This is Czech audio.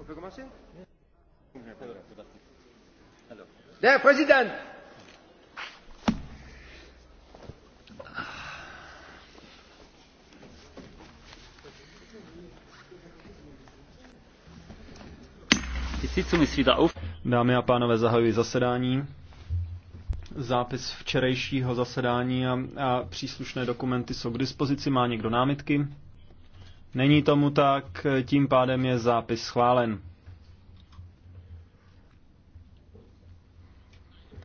On peut commencer Dámy a pánové, zahajuji zasedání. Zápis včerejšího zasedání a, a příslušné dokumenty jsou k dispozici. Má někdo námitky? Není tomu tak, tím pádem je zápis schválen.